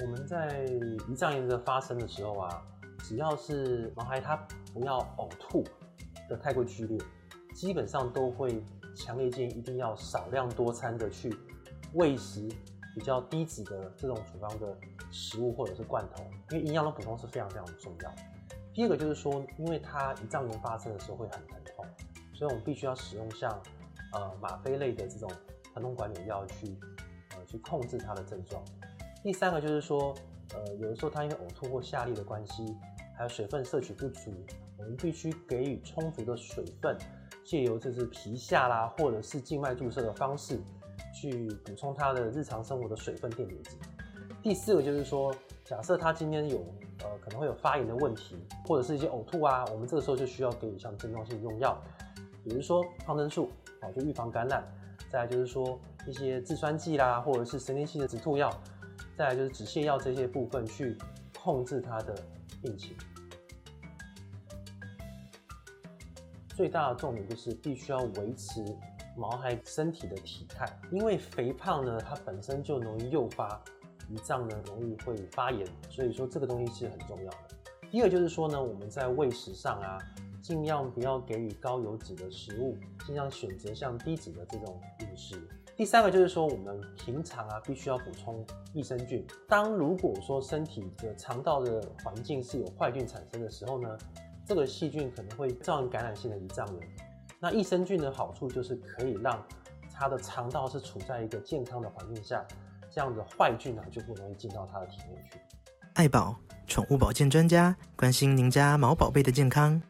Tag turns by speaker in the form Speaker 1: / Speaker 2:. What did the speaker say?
Speaker 1: 我們在胰臟炎的發生的時候啊，只要是毛孩它不要嘔吐的太過劇烈，基本上都會強烈建議一定要少量多餐的去餵食比較低脂的這種處方的食物或者是罐頭，因為營養的補充是非常非常重要。第二個就是說，因為它胰臟炎發生的時候會很疼痛，所以我們必須要使用像呃嗎啡類的這種疼痛管理藥去呃去控制它的症狀。第三個就是說，呃，有的時候他因為嘔吐或下痢的關係，還有水分攝取不足，我們必須給予充足的水分，借由就是皮下啦，或者是靜脈注射的方式，去補充他的日常生活的水分電解質。第四個就是說，假設他今天有呃可能會有發炎的問題，或者是一些嘔吐啊，我們這個時候就需要給予像症狀性的用藥，比如說抗生素啊，就預防感染；再來就是說一些制酸劑啦，或者是神經性的止吐藥。再來就是止瀉藥，這些部分去控制它的病情。最大的重點就是必須要維持毛孩身體的體態，因為肥胖呢，它本身就容易誘發胰臟呢容易會發炎，所以說這個東西是很重要的。第二就是說呢，我們在餵食上啊，盡量不要給予高油脂的食物，盡量選擇像低脂的這種飲食。第三個就是說，我們平常啊必須要補充益生菌。當如果說身體的腸道的環境是有壞菌產生的時候呢，這個細菌可能會造成感染性的胰臟炎。那益生菌的好處就是可以讓它的腸道是處在一個健康的環境下，這樣的壞菌呢、啊、就不容易進到它的體內去。愛寶寵物保健專家，關心您家毛寶貝的健康。